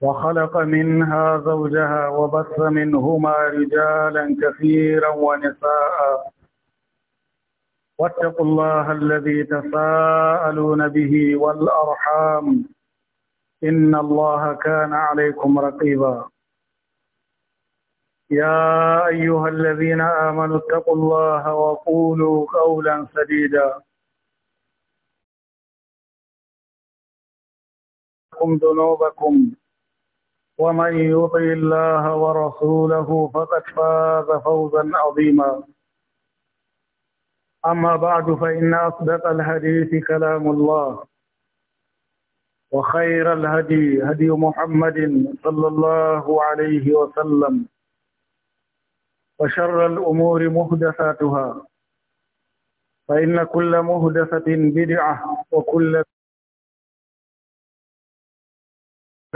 وخلق منها زوجها وبث منهما رجالا كثيرا ونساء واتقوا الله الذي تساءلون به والأرحام إن الله كان عليكم رقيبا يا أيها الذين آمنوا اتقوا الله وقولوا قولا سديدا ذنوبكم ومن يطع الله ورسوله فقد فاز فوزا عظيما أما بعد فإن أصدق الحديث كلام الله وخير الهدي هدي محمد صلى الله عليه وسلم وشر الأمور محدثاتها فإن كل محدثة بدعة وكل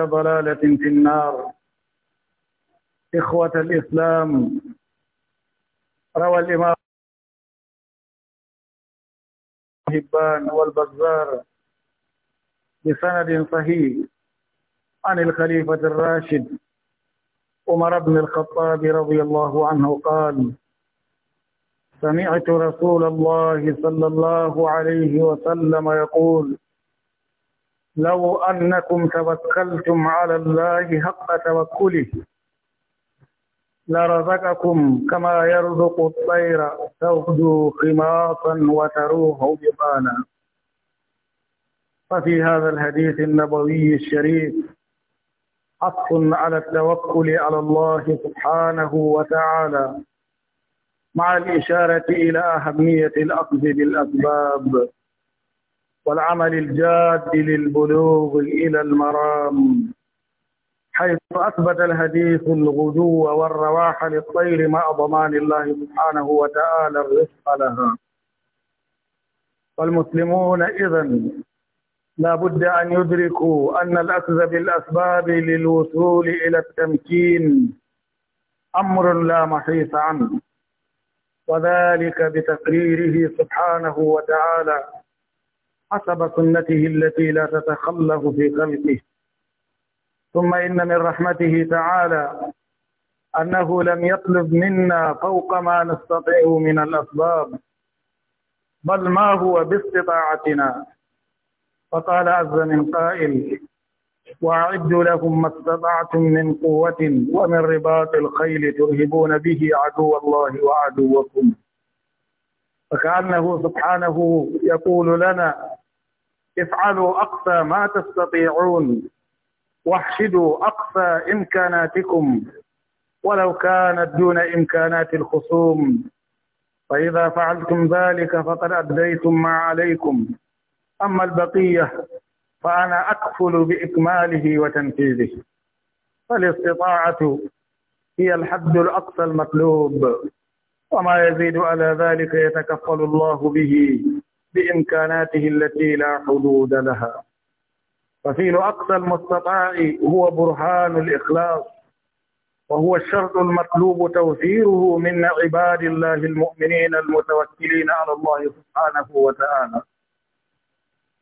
ضلالة في النار إخوة الإسلام روى الإمام هبان والبزار بسند صحيح عن الخليفة الراشد عمر بن الخطاب رضي الله عنه قال سمعت رسول الله صلى الله عليه وسلم يقول لو أنكم توكلتم على الله حق توكله لرزقكم كما يرزق الطير تغدو خماصا وتروح جبانا ففي هذا الحديث النبوي الشريف حق على التوكل على الله سبحانه وتعالى مع الإشارة إلى أهمية الأخذ بالأسباب والعمل الجاد للبلوغ إلى المرام حيث أثبت الحديث الغدو والرواح للطير مع ضمان الله سبحانه وتعالى الرزق لها والمسلمون إذا لا بد أن يدركوا أن الأخذ بالأسباب للوصول إلى التمكين أمر لا محيص عنه وذلك بتقريره سبحانه وتعالى حسب سنته التي لا تتخلف في خلقه ثم إن من رحمته تعالى أنه لم يطلب منا فوق ما نستطيع من الأسباب بل ما هو باستطاعتنا فقال عز من قائل وأعدوا لهم ما استطعتم من قوة ومن رباط الخيل ترهبون به عدو الله وعدوكم فكأنه سبحانه يقول لنا افعلوا أقصى ما تستطيعون واحشدوا أقصى إمكاناتكم ولو كانت دون إمكانات الخصوم فإذا فعلتم ذلك فقد أديتم ما عليكم أما البقية فأنا أكفل بإكماله وتنفيذه فالاستطاعة هي الحد الأقصى المطلوب وما يزيد على ذلك يتكفل الله به بإمكاناته التي لا حدود لها ففعل أقصى المستطاع هو برهان الإخلاص وهو الشرط المطلوب توفيره من عباد الله المؤمنين المتوكلين على الله سبحانه وتعالى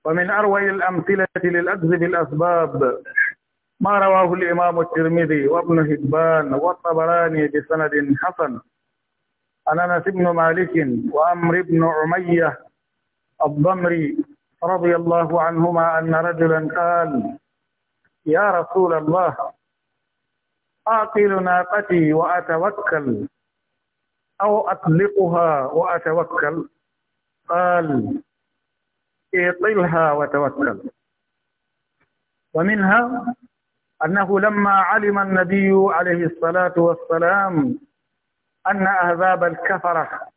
ومن أروع الأمثلة للأجز بالأسباب ما رواه الإمام الترمذي وابن هبان والطبراني بسند حسن عن أنس بن مالك وأمر بن عمية الضمري رضي الله عنهما أن رجلا قال يا رسول الله أعقل ناقتي وأتوكل أو أطلقها وأتوكل قال اطلها وتوكل ومنها أنه لما علم النبي عليه الصلاة والسلام أن أهذاب الكفرة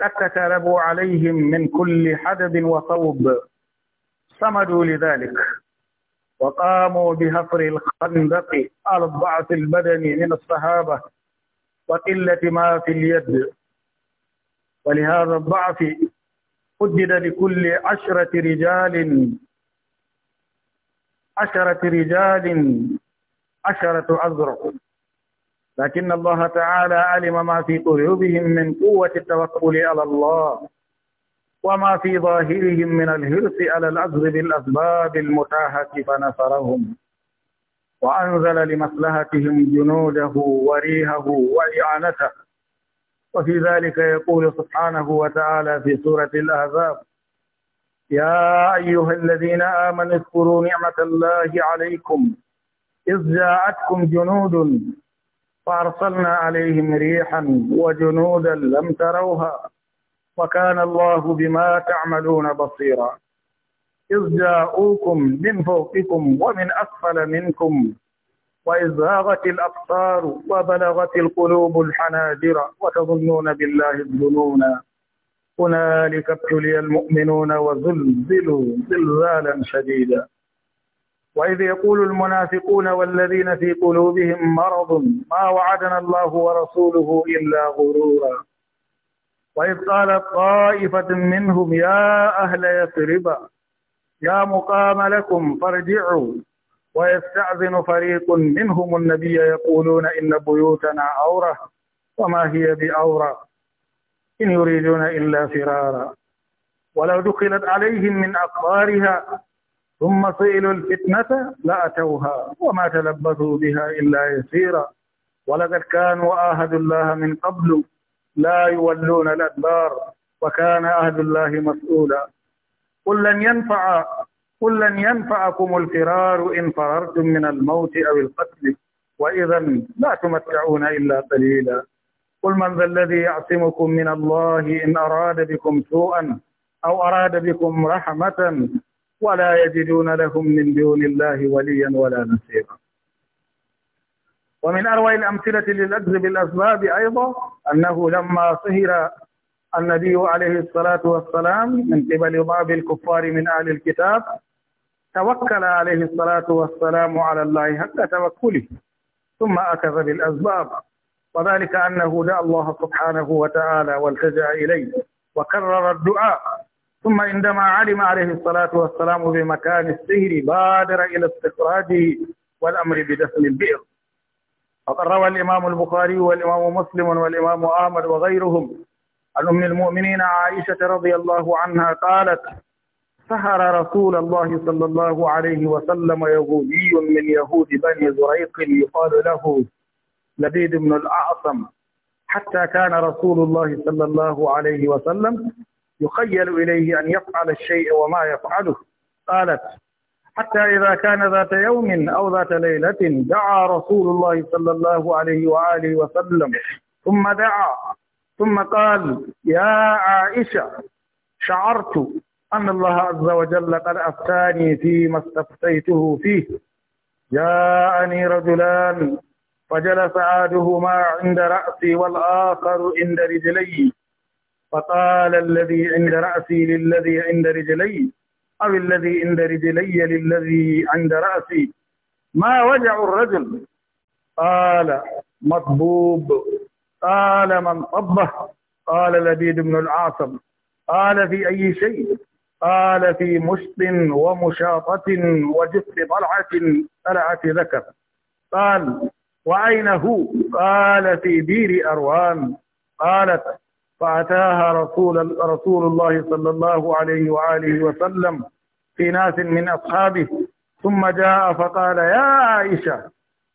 قد تتربوا عليهم من كل حدب وصوب صمدوا لذلك وقاموا بهفر الخندق على الضعف البدني من الصحابة وقلة ما في اليد ولهذا الضعف قدد لكل عشرة رجال عشرة رجال عشرة أزرق لكن الله تعالى علم ما في قلوبهم من قوة التوكل على الله وما في ظاهرهم من الهرس على الأجر بالأسباب المتاحة فنصرهم وأنزل لمصلحتهم جنوده وريهه وإعانته وفي ذلك يقول سبحانه وتعالى في سورة الأحزاب يا أيها الذين آمنوا اذكروا نعمة الله عليكم إذ جاءتكم جنود فأرسلنا عليهم ريحا وجنودا لم تروها وكان الله بما تعملون بصيرا إذ جاءوكم من فوقكم ومن أسفل منكم وإذ زاغت الأبصار وبلغت القلوب الحناجر وتظنون بالله الظنونا هنالك ابتلي المؤمنون وزلزلوا زلزالا شديدا وإذ يقول المنافقون والذين في قلوبهم مرض ما وعدنا الله ورسوله إلا غرورا وإذ قالت طائفة منهم يا أهل يثرب يا مقام لكم فارجعوا ويستأذن فريق منهم النبي يقولون إن بيوتنا عورة وما هي بعورة إن يريدون إلا فرارا ولو دخلت عليهم من أقطارها ثم صيلوا الفتنة لأتوها وما تلبثوا بها إلا يسيرا ولقد كانوا عاهدوا الله من قبل لا يولون الأدبار وكان أهد الله مسؤولا قل لن ينفع قل لن ينفعكم الفرار إن فررتم من الموت أو القتل وإذا لا تمتعون إلا قليلا قل من ذا الذي يعصمكم من الله إن أراد بكم سوءا أو أراد بكم رحمة ولا يجدون لهم من دون الله وليا ولا نصيرا ومن أروع الأمثلة للاجر بالأسباب أيضا أنه لما صهر النبي عليه الصلاة والسلام من قبل بعض الكفار من أهل الكتاب توكل عليه الصلاة والسلام على الله حق توكله ثم أخذ بالأسباب وذلك أنه دعا الله سبحانه وتعالى والتجأ إليه وكرر الدعاء ثم عندما علم عليه الصلاة والسلام بمكان السهر بادر إلى استخراجه والأمر بدفن البئر وقد روى الإمام البخاري والإمام مسلم والإمام أحمد وغيرهم عن أم المؤمنين عائشة رضي الله عنها قالت سهر رسول الله صلى الله عليه وسلم يهودي من يهود بني زريق يقال له لبيد بن الأعصم حتى كان رسول الله صلى الله عليه وسلم يخيل إليه أن يفعل الشيء وما يفعله قالت حتى إذا كان ذات يوم أو ذات ليلة دعا رسول الله صلى الله عليه وآله وسلم ثم دعا ثم قال يا عائشة شعرت أن الله عز وجل قد أفتاني فيما استفتيته فيه جاءني رجلان فجلس عادهما عند رأسي والآخر عند رجلي فقال الذي عند رأسي للذي عند رجلي أو الذي عند رجلي للذي عند رأسي ما وجع الرجل قال مطبوب قال من طبه قال لبيد بن العاصم قال في أي شيء قال في مشط ومشاطة وجف طلعة طلعة ذكر قال وأين هو قال في دير أروان قالت فأتاها رسول, رسول الله صلى الله عليه وآله وسلم في ناس من أصحابه ثم جاء فقال يا عائشة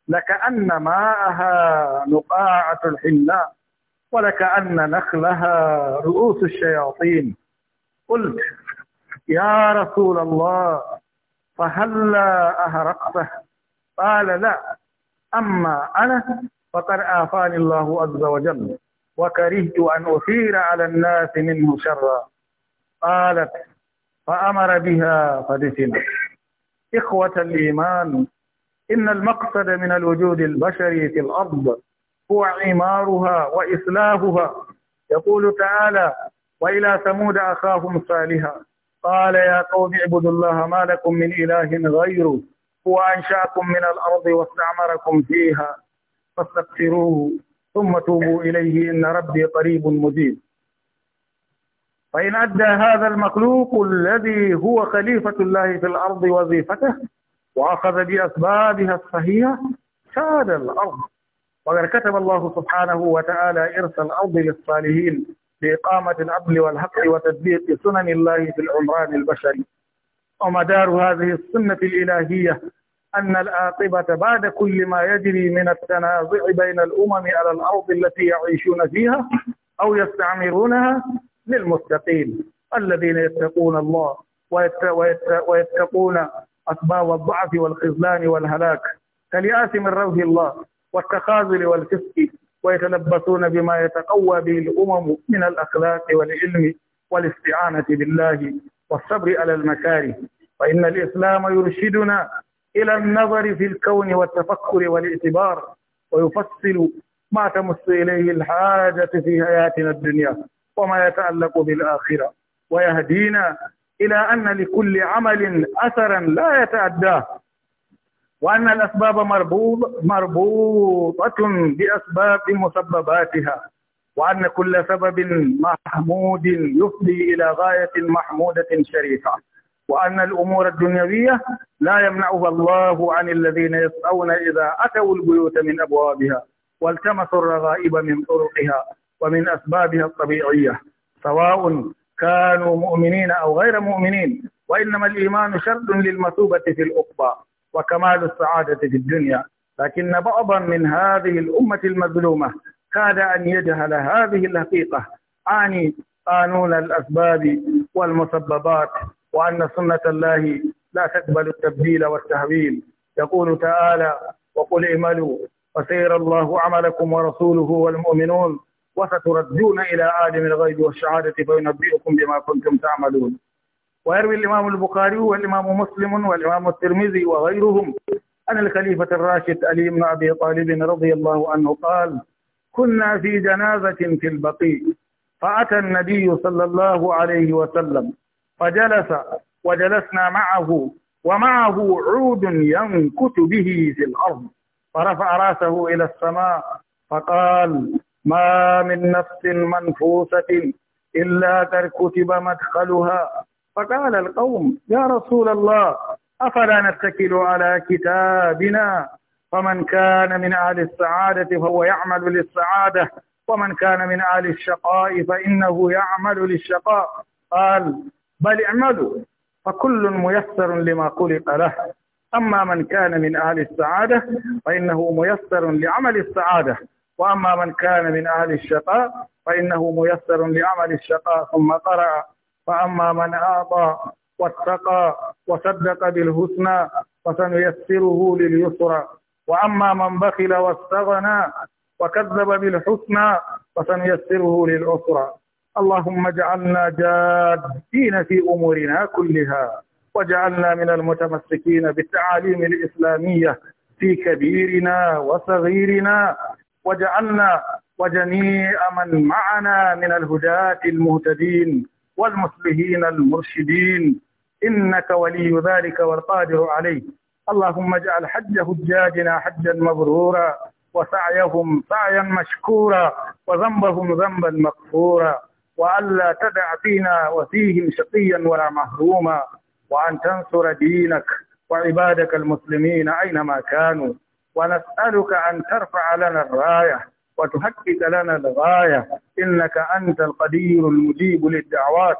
لكأن ماءها نقاعة الحناء ولكأن نخلها رؤوس الشياطين قلت يا رسول الله فهلا أهرقته قال لا أما أنا فقد آفاني الله عز وجل وكرهت أن أثير على الناس منه شرا قالت فأمر بها فدفن إخوة الإيمان إن المقصد من الوجود البشري في الأرض هو عمارها وإصلاحها يقول تعالى وإلى ثمود أخاهم صالحا قال يا قوم اعبدوا الله ما لكم من إله غيره هو أنشأكم من الأرض واستعمركم فيها فاستغفروه ثم توبوا إليه إن ربي قريب مجيب فإن أدى هذا المخلوق الذي هو خليفة الله في الأرض وظيفته وأخذ بأسبابها الصحيحة شاد الأرض وقد كتب الله سبحانه وتعالى إرث الأرض للصالحين بإقامة العدل والحق وتطبيق سنن الله في العمران البشري ومدار هذه السنة الإلهية أن العاقبة بعد كل ما يجري من التنازع بين الأمم على الأرض التي يعيشون فيها أو يستعمرونها للمتقين الذين يتقون الله ويتقون أسباب الضعف والخذلان والهلاك كالياس من روح الله والتخاذل والفسق ويتلبسون بما يتقوى به الأمم من الأخلاق والعلم والاستعانة بالله والصبر على المكاره فإن الإسلام يرشدنا إلى النظر في الكون والتفكر والاعتبار ويفصل ما تمس إليه الحاجة في حياتنا الدنيا وما يتعلق بالآخرة ويهدينا إلى أن لكل عمل أثرا لا يتعداه وأن الأسباب مربوط مربوطة بأسباب مسبباتها وأن كل سبب محمود يفضي إلى غاية محمودة شريفة وأن الأمور الدنيوية لا يمنعها الله عن الذين يسعون إذا أتوا البيوت من أبوابها والتمسوا الرغائب من طرقها ومن أسبابها الطبيعية سواء كانوا مؤمنين أو غير مؤمنين وإنما الإيمان شرط للمثوبة في الأقبى وكمال السعادة في الدنيا لكن بعضا من هذه الأمة المظلومة كاد أن يجهل هذه الحقيقة أعني قانون الأسباب والمسببات وأن سنة الله لا تقبل التبديل والتهويل يقول تعالى وقل اعملوا فسير الله عملكم ورسوله والمؤمنون وستردون إلى عالم الغيب والشهادة فينبئكم بما كنتم تعملون ويروي الإمام البخاري والإمام مسلم والإمام الترمذي وغيرهم أن الخليفة الراشد علي بن أبي طالب رضي الله عنه قال كنا في جنازة في البقيع فأتى النبي صلى الله عليه وسلم فجلس وجلسنا معه ومعه عود ينكت به في الأرض فرفع راسه إلى السماء فقال ما من نفس منفوسة إلا تركتب مدخلها فقال القوم يا رسول الله أفلا نتكل على كتابنا فمن كان من أهل السعادة فهو يعمل للسعادة ومن كان من أهل الشقاء فإنه يعمل للشقاء قال بل اعملوا فكل ميسر لما خلق له أما من كان من أهل السعادة فإنه ميسر لعمل السعادة وأما من كان من أهل الشقاء فإنه ميسر لعمل الشقاء ثم قرأ فأما من أعطى واتقى وصدق بالحسنى فسنيسره لليسرى وأما من بخل واستغنى وكذب بالحسنى فسنيسره للعسرى اللهم اجعلنا جادين في أمورنا كلها واجعلنا من المتمسكين بالتعاليم الإسلامية في كبيرنا وصغيرنا واجعلنا وجميع من معنا من الهداة المهتدين والمصلحين المرشدين إنك ولي ذلك والقادر عليه اللهم اجعل حج حجاجنا حجا مبرورا وسعيهم سعيا مشكورا وذنبهم ذنبا مغفورا وألا تدع فينا وفيهم شقيا ولا محروما وأن تنصر دينك وعبادك المسلمين أينما كانوا ونسألك أن ترفع لنا الراية وتحقق لنا الغاية إنك أنت القدير المجيب للدعوات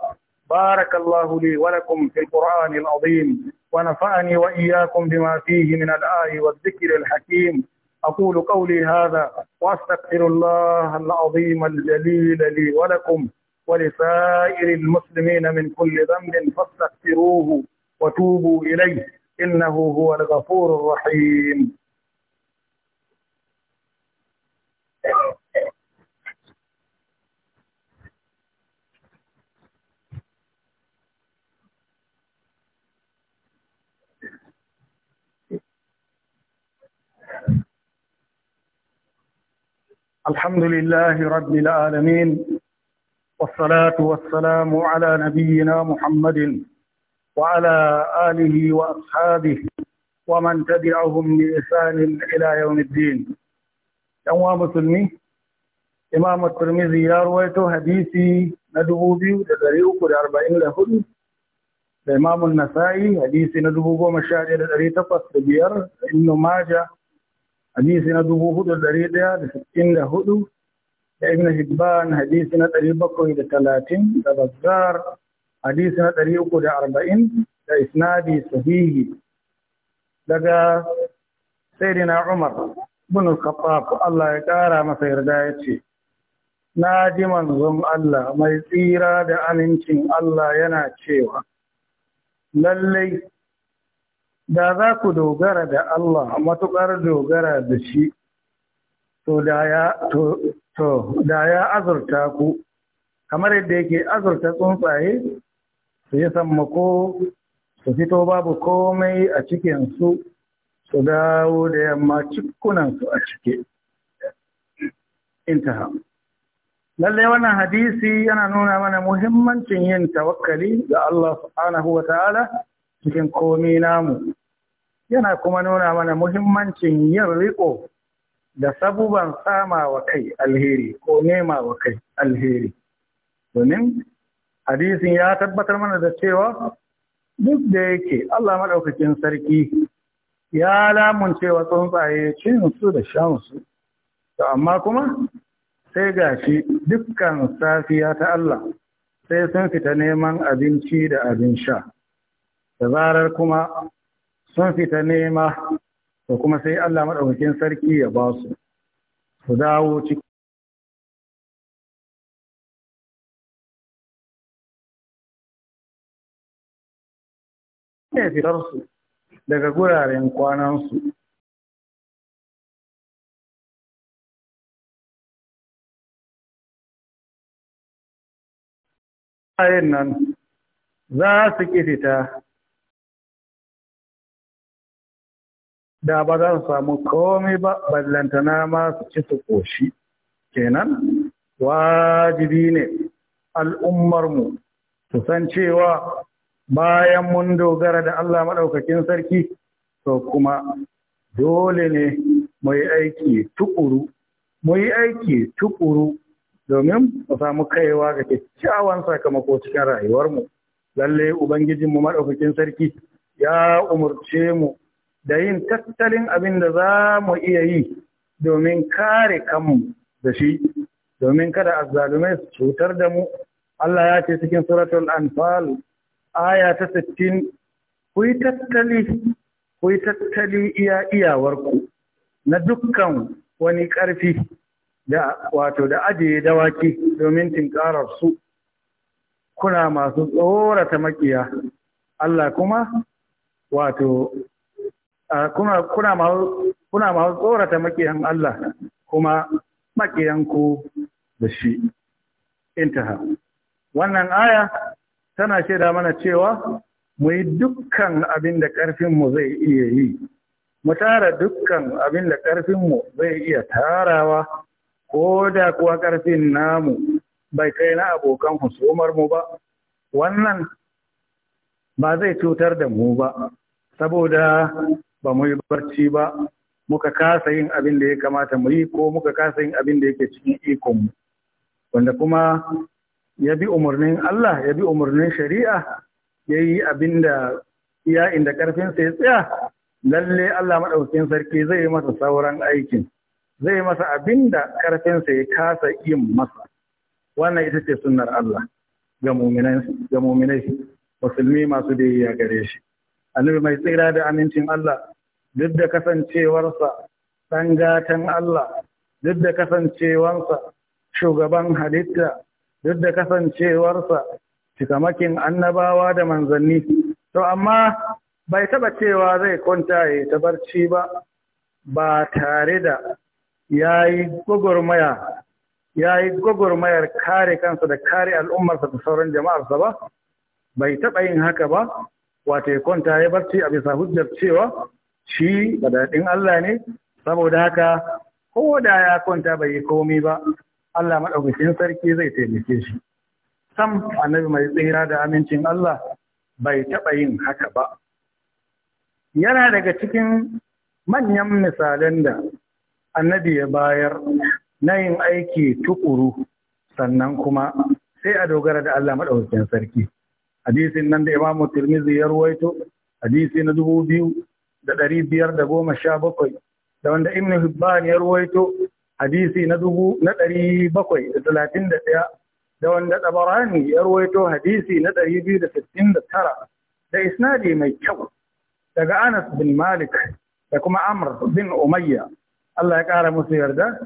بارك الله لي ولكم في القرآن العظيم ونفعني وإياكم بما فيه من الآي والذكر الحكيم أقول قولي هذا وأستغفر الله العظيم الجليل لي ولكم ولسائر المسلمين من كل ذنب فاستغفروه وتوبوا إليه إنه هو الغفور الرحيم الحمد لله رب العالمين والصلاة والسلام على نبينا محمد وعلى آله وأصحابه ومن تبعهم بإحسان إلى يوم الدين يوم مسلمين Imam Tirmidhi ya ruwaito hadisi na 2344 da Imam An-Nasa'i hadisi na 11805 da Ibn Majah hadisi na 4164 da ibn hibban hadisi na 730 da bazzar hadisi na 340 da arba'in da isnadi sahihi daga sayyidina umar ibn al-khattab Allah ya ƙara masa yarda ya ce. na ji manzon Allah mai tsira da amincin Allah yana cewa lallai da za ku dogara da Allah matuƙar dogara da shi to da ya to to da ya azurta ku kamar yadda yake azurta tsuntsaye su yi sammako su fito babu komai a cikinsu su dawo da yamma cikunansu a cike intaha lalle wannan hadisi yana nuna mana muhimmancin yin tawakkali ga Allah subhanahu wa ta'ala cikin komi namu yana kuma nuna mana muhimmancin yin riko da sabuban sama wa kai alheri ko nema wa kai alheri domin hadisin ya tabbatar mana da cewa duk da yake Allah maɗaukakin sarki ya lamunce cewa tsuntsaye cin su da shan su to amma kuma sai gashi dukkan safiya ta Allah sai sun fita neman abinci da abin sha da zarar kuma sun fita nema to kuma sai Allah maɗaukakin sarki ya ba su su dawo cikin ne fitarsu daga guraren kwanansu ayin nan za su ƙi fita da ba za su samu komai ba ballantana ma su ci su koshi kenan wajibi ne al'ummarmu su san cewa bayan mun dogara da Allah maɗaukakin sarki to kuma dole ne mu yi aiki tukuru mu yi aiki tukuru domin mu samu kaiwa ga kyakkyawan sakamako cikin rayuwarmu lalle ubangijinmu maɗaukakin sarki ya umarce mu da yin tattalin abin da za mu iya yi domin kare kanmu da shi domin kada azzalumai su cutar da mu Allah ya ce cikin suratul anfal aya ta 60 ku yi tattali ku yi tattali iya iyawarku na dukkan wani ƙarfi da wato da ajiye dawaki domin tinkarar su kuna masu tsorata makiya Allah kuma wato Ah, kuna kuna ma tsorata makiyan Allah kuma makiyan ku da shi intaha wannan aya tana shaida mana cewa mu yi dukkan abin da ƙarfinmu zai iya yi mu tara dukkan abin da ƙarfinmu zai iya tarawa ko da kuwa ƙarfin namu bai kai na abokan mu ba wannan ba zai cutar da mu ba saboda ba mu yi barci ba muka kasa yin abin da ya kamata mu yi ko muka kasa yin abin da yake cikin ikon mu wanda kuma ya bi umarnin Allah ya bi umarnin shari'a ya yi abin da iya inda ƙarfinsa ya tsaya lalle Allah maɗaukin sarki zai yi masa sauran aikin zai masa abin da ƙarfinsa ya kasa yin masa wannan ita ce sunnar Allah ga muminai musulmi masu da ya gare shi annabi mai tsira da amincin Allah duk da kasancewarsa ɗan gatan Allah duk da kasancewarsa shugaban halitta duk da kasancewarsa cikamakin annabawa da manzanni to amma bai taba cewa zai kwanta ya ta barci ba ba tare da ya yi gwagwarmaya ya yi gwagwarmayar kare kansa da kare al'ummarsa da sauran jama'arsa ba bai taɓa yin haka ba wato ya kwanta ya barci a bisa hujjar cewa shi daɗin Allah ne saboda haka ko da ya kwanta bai yi komi ba Allah maɗaukakin sarki zai taimake shi sam annabi mai tsira da amincin Allah bai taɓa yin haka ba yana daga cikin manyan misalan da annabi ya bayar na yin aiki tuƙuru sannan kuma sai a dogara da Allah maɗaukakin sarki hadisin nan da imamu tirmizi ya ruwaito hadisi na dubu biyu da ɗari biyar da goma sha bakwai da wanda ibn hibban ya ruwaito hadisi na dubu na ɗari bakwai da talatin da ɗaya da wanda tabarani ya ruwaito hadisi na ɗari biyu da sittin da tara da isnadi mai kyau daga anas bin malik da kuma amr bin umayya Allah ya ƙara musu yarda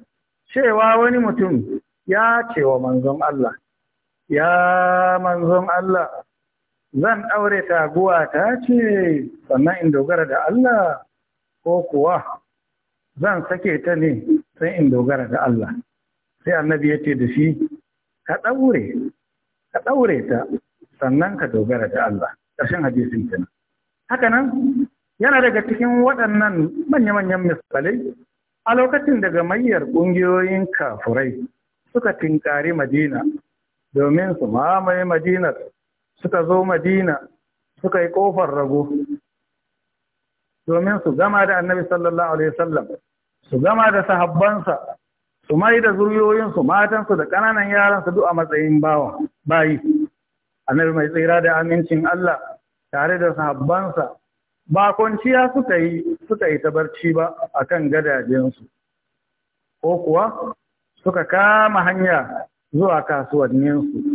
cewa wani mutum ya ce wa manzon Allah ya manzon Allah zan ɗaure taguwa ta ce sannan in dogara da Allah ko kuwa zan sake ta ne sai in dogara da Allah sai annabi ya ce da shi ka ɗaure ka ɗaure ta sannan ka dogara da Allah ƙarshen hadisin kenan haka nan yana daga cikin waɗannan manya-manyan misalai a lokacin daga mayar ƙungiyoyin kafurai suka tinkari madina domin su mamaye madinar suka zo madina suka yi ƙofar rago domin su gama da annabi sallallahu alaihi wasallam su gama da sahabbansa su mai da zuriyoyinsu matansu da ƙananan yaransu duk a matsayin bawa bayi annabi mai tsira da amincin Allah tare da sahabbansa ba kwanciya suka yi suka yi tabarci ba akan gadajensu ko kuwa suka kama hanya zuwa kasuwanninsu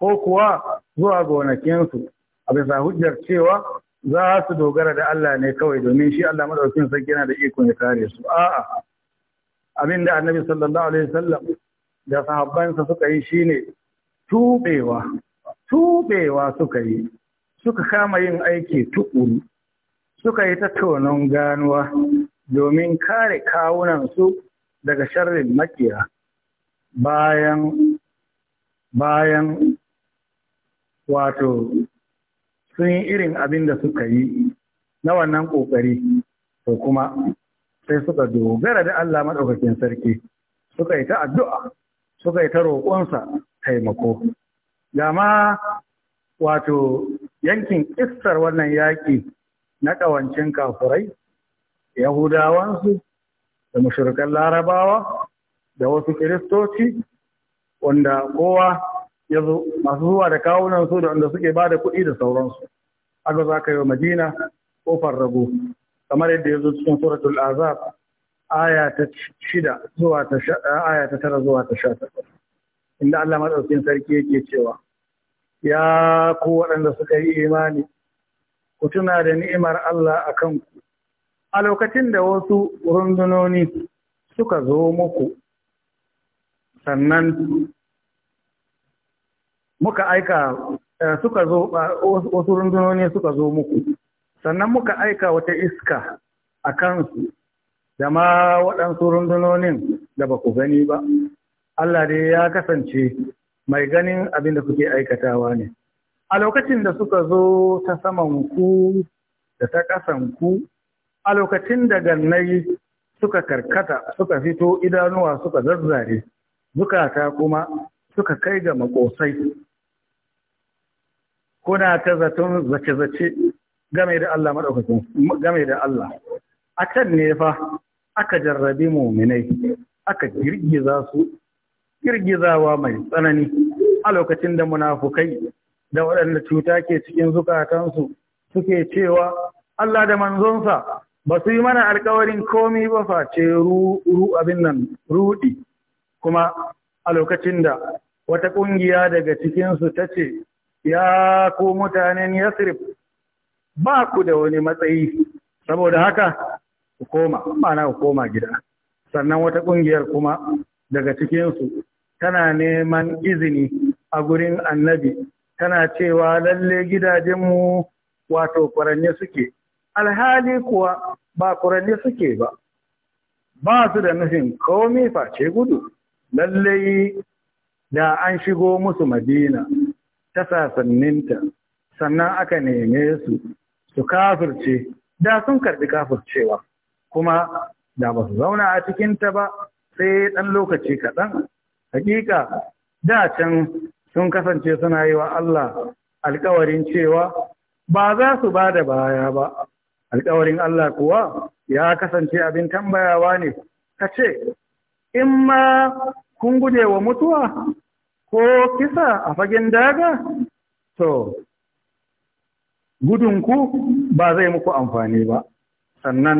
ko kuwa zuwa gonakinsu a bisa hujjar cewa za su dogara da Allah ne kawai domin shi Allah madaukin sarki yana da ikon ya kare su a'a abin da annabi sallallahu alaihi wasallam da sahabbansa suka yi shine tubewa tubewa suka yi suka kama yin aiki tukuru suka yi tattaunan ganuwa domin kare kawunansu daga sharrin makiya bayan bayan wato sun yi irin abin da suka yi na wannan ƙoƙari to kuma sai suka dogara da Allah maɗaukakin sarki suka yi ta addu'a suka yi ta roƙonsa taimako. Gama wato yankin ƙistar wannan yaƙi na ƙawancin kafurai, Yahudawansu da mashirkan larabawa da wasu Kiristoci, wanda kowa ya masu zuwa da kawunan su da wanda suke ba da kuɗi da sauransu aga za ka yi wa madina ƙofar rago kamar yadda ya zo cikin suratul azab aya ta shida zuwa ta aya ta tara zuwa ta sha takwas inda Allah maɗaukin sarki yake cewa ya ku waɗanda suka yi imani ku tuna da ni'imar Allah a kanku a lokacin da wasu rundunoni suka zo muku sannan muka aika eh, suka zo eh, wasu rundunoni suka zo muku sannan muka aika wata iska a kansu da ma waɗansu rundunonin da ba ku gani ba Allah dai ya kasance mai ganin abin da kuke aikatawa ne a lokacin da suka zo ta saman ku da ta ƙasan ku a lokacin da gannai suka karkata suka fito idanuwa suka zazzare zukata kuma suka kai ga makosai kuna ta zaton zace-zace game da Allah akan game da Allah a kan ne fa aka jarrabi muminai aka girgiza su girgizawa mai tsanani a lokacin da munafukai da waɗanda cuta ke cikin zukatansu suke cewa Allah da manzonsa ba su yi mana alkawarin komi ba face ru abin nan rudi kuma a lokacin da wata ƙungiya daga cikinsu ta ce ya ku mutanen yasrib ba ku da wani matsayi saboda haka ku koma ma'ana ku koma gida sannan wata ƙungiyar kuma daga cikinsu tana neman izini a gurin annabi tana cewa lalle gidajenmu wato kuranne suke alhali kuwa ba kuranne suke ba ba su da nufin komi face gudu lallai da an shigo musu madina ta sasanninta sannan aka neme su su kafirce da sun karɓi kafircewa kuma da ba su zauna a cikinta ba sai ɗan lokaci kaɗan hakika da can sun kasance suna yi wa Allah alkawarin cewa ba za su ba da baya ba alkawarin Allah kuwa ya kasance abin tambayawa ne ka ce in ma kun guje wa mutuwa ko kisa a fagen daga to gudunku ba zai muku amfani ba sannan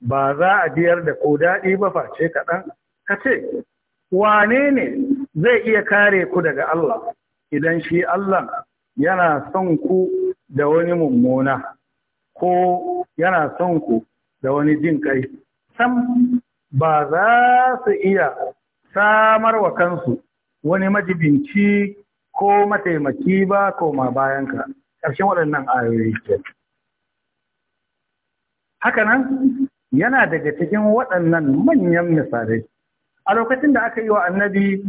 ba za a biyar da ko daɗi ba face kaɗan ka ce wane ne zai iya kare ku daga Allah idan shi Allah yana son ku da wani mummuna ko yana son ku da wani jin kai sam ba za su iya samar wa kansu wani majibinci ko mataimaki ba koma bayanka ƙarshen waɗannan ayoyi ke haka nan yana daga cikin waɗannan manyan misalai a lokacin da aka yi wa annabi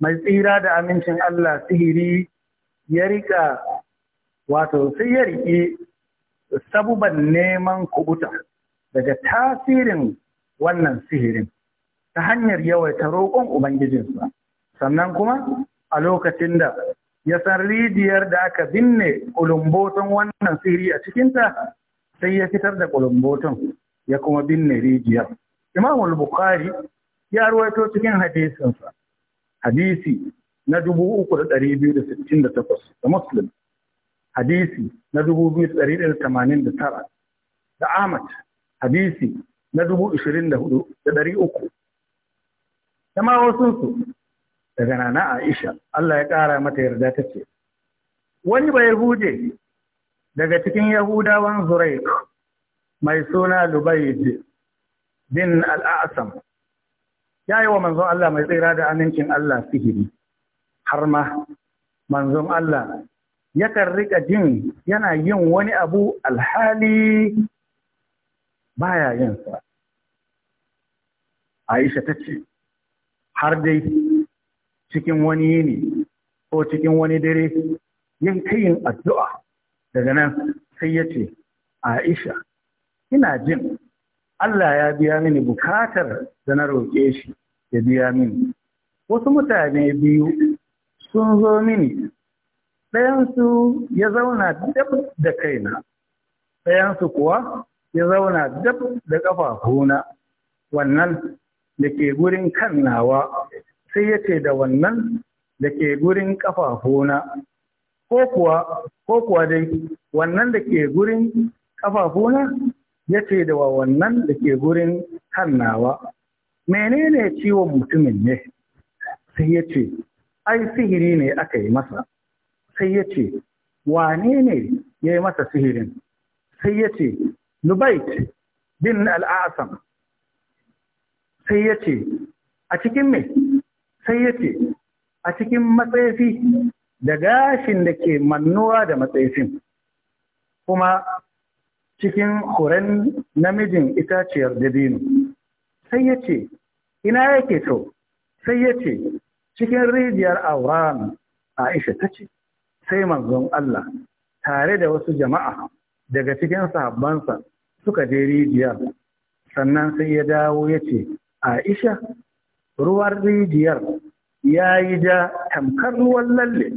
mai tsira da amincin Allah sihiri ya rika wato sai ya riƙe sabuban neman kubuta daga tasirin wannan sihirin ta hanyar yawaita roƙon Ubangijinsa. sannan kuma a lokacin da ya san rijiyar da aka binne ƙulumboton wannan sihiri a cikinta sai ya fitar da ƙulumboton ya kuma binne rijiyar imam bukhari ya ruwaito cikin hadisinsa hadisi na 3268 da muslim hadisi na 2189 da ahmad hadisi na 24300 da ma wasu daga nana Aisha Allah ya ƙara mata yarda ta ce wani bai huje daga cikin Yahudawan Zuraik mai suna lubaid bin al'asam ya yi wa manzon Allah mai tsira da amincin Allah sihiri har ma manzon Allah yakan rika jin yana yin wani abu alhali baya yin sa Aisha ta ce har dai cikin wani yini ko cikin wani dare yin kayin addu'a daga nan sai ya ce aisha ina jin Allah ya biya mini bukatar da na roƙe shi ya biya mini wasu mutane biyu sun zo mini ɗayansu ya zauna dab da kaina ɗayansu kuwa ya zauna dab da ƙafafuna wannan da ke gurin kan nawa sai ya ce da wannan da ke gurin ƙafafuna ko kuwa dai wannan da ke gurin ƙafafuna ya ce da wannan da ke gurin hannawa menene ciwon mutumin ne sai ya ce ai sihiri ne aka yi masa sai ya ce wane ne ya yi masa sihirin sai ya ce lubait bin al'asam sai ya ce a cikin mai sai ya ce a cikin matsayafi da gashin da ke mannuwa da matsayafin kuma cikin huren namijin itaciyar dabino sai ya ce ina yake to sai ya ce cikin rijiyar auran aisha ta ce sai manzon Allah tare da wasu jama'a daga cikin sahabbansa suka je rijiyar sannan sai ya dawo ya ce aisha ruwan rijiyar ya yi ja tamkar ruwan lalle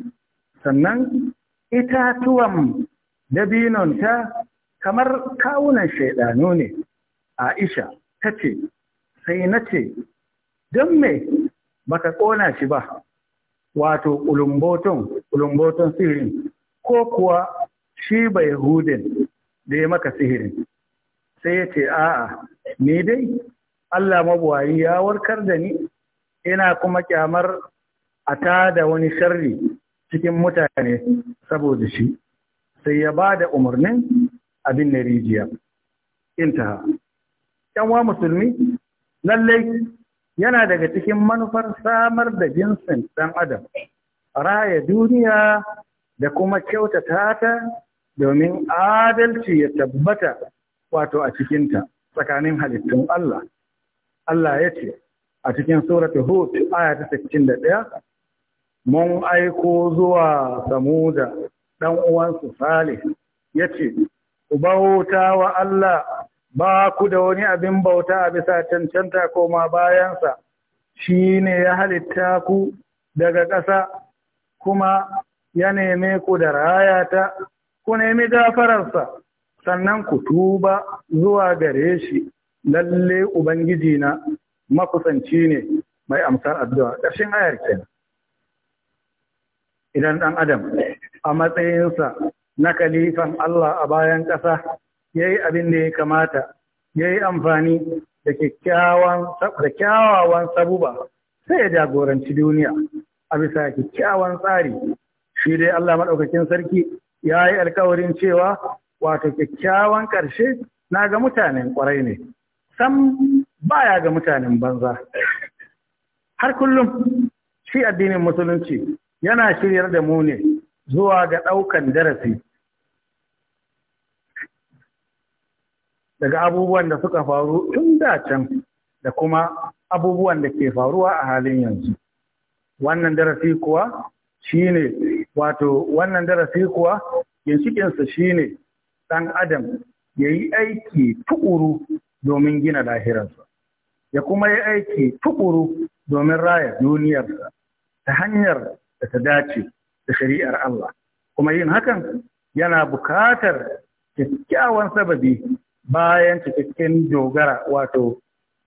sannan itatuwan dabinonta kamar kawunan shaidanu ne aisha ta ce sai na ce don me baka ƙona shi ba wato ulumboton ulumboton sihirin ko kuwa shi bai hudin da ya maka sihirin sai ya ce a'a ni dai Allah mabuwayi ya warkar da ni Yana kuma kyamar a ta da wani sharri cikin mutane saboda shi sai ya ba da umarnin abin na rijiya intaha yanwa musulmi lallai yana daga cikin manufar samar da jinsin ɗan adam raya duniya da kuma kyautata ta domin adalci ya tabbata wato a cikinta tsakanin halittun Allah Allah ya ce a cikin suratul hud aya ta 61 mun aiko zuwa samuda dan uwansu salih yace ku wa Allah ba ku da wani abin bauta a bisa cancanta koma bayansa shi ne ya halitta ku daga ƙasa kuma ya neme ku da rayata ku nemi gafararsa sannan ku tuba zuwa gare shi lalle ubangiji na makusanci ne mai amsar addu'a ƙarshen ayar kenan idan ɗan adam a matsayinsa na kalifan Allah a bayan ƙasa ya yi abin da ya kamata ya yi amfani da kyawawan sabuba sai ya jagoranci duniya a bisa kyakkyawan tsari shi dai Allah maɗaukakin sarki ya yi alkawarin cewa wato kyakkyawan ƙarshe na ga mutanen ƙwarai ne sam baya ga mutanen banza har kullum shi addinin musulunci yana shiryar da mu ne zuwa ga ɗaukan darasi daga abubuwan da suka faru tun da can da kuma abubuwan da ke faruwa a halin yanzu wannan darasi kuwa shine wato wannan darasi kuwa ginshikinsa shine ɗan adam ya yi aiki tuƙuru domin gina lahirarsa. ya kuma yi aiki tukuru domin raya duniyarsa ta hanyar da ta dace da shari'ar Allah kuma yin hakan yana bukatar kyakkyawan sababi bayan cikakken dogara wato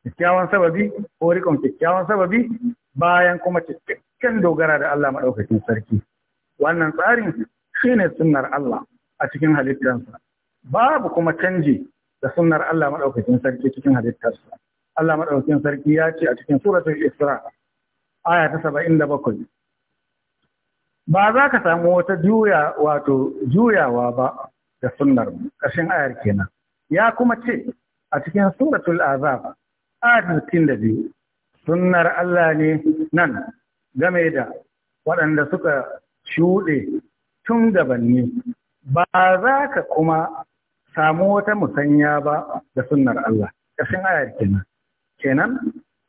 kyakkyawan sababi ko rikon kyakkyawan sababi bayan kuma cikakken dogara da Allah maɗaukacin sarki wannan tsarin ne sunnar Allah a cikin halittarsa babu kuma canji da sunnar Allah maɗaukacin sarki cikin halittarsa Allah maɗaukin sarki ya ce a cikin suratul Isra aya ta 77 ba za ka samu wata juya wato juyawa ba da sunnar mu kashin ayar kenan ya kuma ce a cikin suratul azab aya 62 sunnar Allah ne nan game da waɗanda suka shuɗe tun gabanni ba za ka kuma samu wata musanya ba da sunnar Allah kashin ayar kenan kenan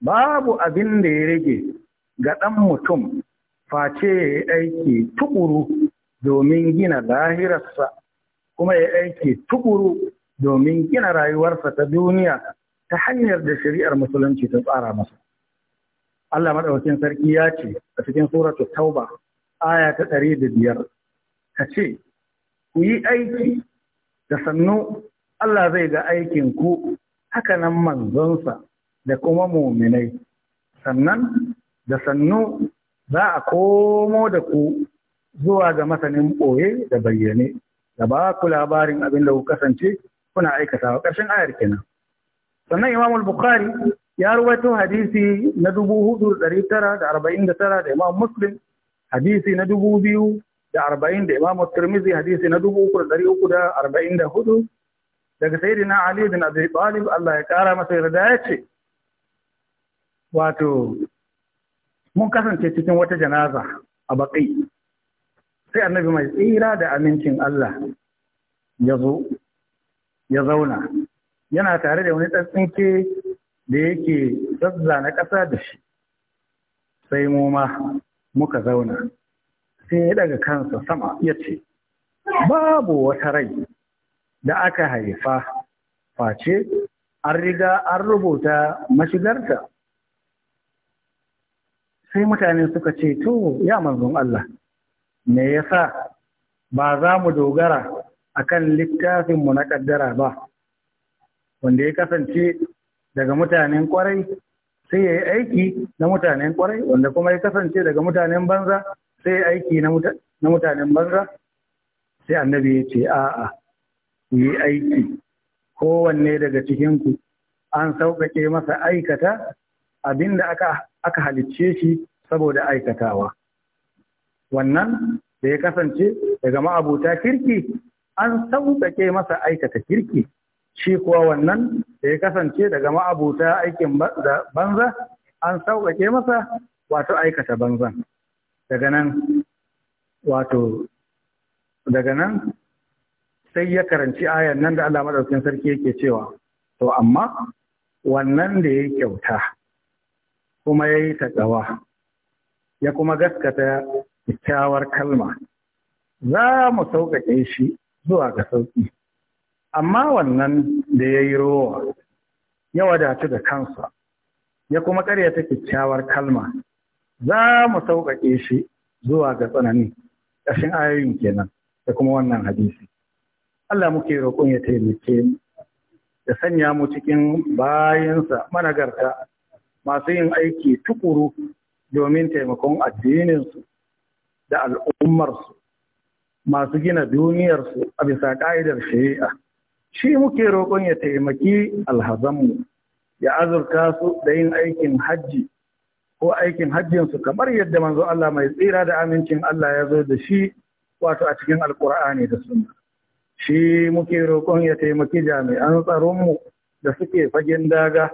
babu abin da ya rage ga ɗan mutum face ya yi aiki tukuru domin gina lahirarsa kuma ya yi aiki tukuru domin gina rayuwarsa ta duniya ta hanyar da shari'ar musulunci ta tsara masa. Allah maɗaukin sarki ya ce a cikin suratu tauba aya ta ɗari da biyar ka ce ku yi aiki da sannu Allah zai ga aikin ku haka nan manzonsa da kuma muminai sannan da sannu za a komo da ku zuwa ga masanin ɓoye da bayyane da ba ku labarin abin da ku kasance kuna aikatawa ƙarshen ayar kenan sannan imam bukhari ya rubuta hadisi na dubu hudu da ɗari tara da arba'in da tara da imam muslim hadisi na dubu biyu da arba'in da imam tirmizi hadisi na dubu uku da ɗari uku da arba'in da hudu daga sayyidina ali bin abi talib Allah ya kara masa yarda ya ce wato mun kasance cikin wata janaza a baƙi sai annabi mai tsira da amincin Allah ya zo ya zauna yana tare da wani tsatsinke da yake zazza na ƙasa da shi sai mu ma muka zauna sai ya daga kansa sama ya ce babu wata rai da aka haifa face an riga an rubuta mashigarta sai mutane suka ce to ya manzon Allah me yasa ba za mu dogara a kan littafinmu na kaddara ba wanda ya kasance daga mutanen kwarai sai ya yi aiki na mutanen kwarai wanda kuma ya kasance daga mutanen banza sai ya aiki na mutanen banza sai annabi ya ce a'a ku yi aiki kowanne daga cikinku an sauƙaƙe masa aikata abinda aka aka halicce shi saboda aikatawa wannan da ya kasance daga ma'abuta kirki an sauƙaƙe masa aikata kirki shi kuwa wannan da ya kasance daga ma'abuta aikin banza an sauƙaƙe masa wato aikata banzan daga nan wato daga nan sai ya karanci ayan nan da Allah Maɗaukin sarki yake cewa to amma wannan da ya kyauta kuma ya yi ta tsawa, ya kuma gaskata kyakkyawar kalma za mu sauƙaƙe shi zuwa ga sauƙi amma wannan da ya yi rowa ya wadatu da kansa ya kuma ƙaryata kyakkyawar kalma za mu sauƙaƙe shi zuwa ga tsanani ƙashin ayoyin kenan da kuma wannan hadisi Allah muke roƙon ya taimake mu ya sanya mu cikin bayansa managarta masu yin aiki tukuru domin taimakon addininsu da al'ummarsu masu gina duniyarsu a bisa ƙa'idar shari'a shi muke roƙon ya taimaki alhazanmu ya azurta su da yin aikin hajji ko aikin hajjinsu kamar yadda manzo Allah mai tsira da amincin Allah ya zo da shi wato a cikin alkur'ani da sunna shi muke roƙon ya taimaki jami'an tsaronmu da suke fagen daga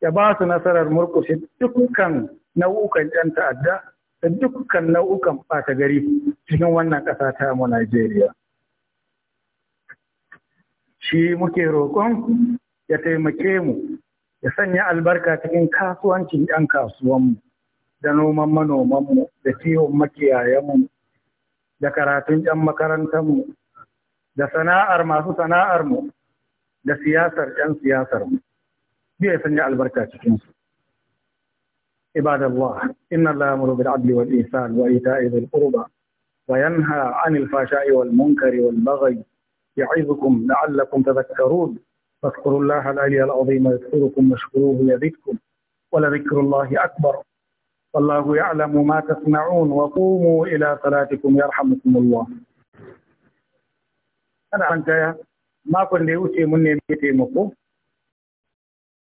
ya ba su nasarar murkushe dukkan nau'ukan 'yan ta'adda da dukkan nau'ukan ɓata gari cikin wannan ƙasa ta mu Najeriya. Shi muke roƙon ya taimake mu ya sanya albarka cikin kasuwancin 'yan kasuwanmu da noman manomanmu da kiwon makiyayenmu da karatun 'yan makarantarmu da sana'ar masu sana'armu da siyasar 'yan siyasarmu. duk ya sanya albarka cikin su ibadallah inna allaha ya'muru bil adli wal ihsan wa ita'i dhil qurba wa يعظكم لعلكم تذكرون فاذكروا الله العلي العظيم يذكركم واشكروه يزدكم ولذكر الله أكبر والله يعلم ما تصنعون وقوموا إلى صلاتكم يرحمكم الله أنا أنت ما كنت أوتي مني بيتي مقوم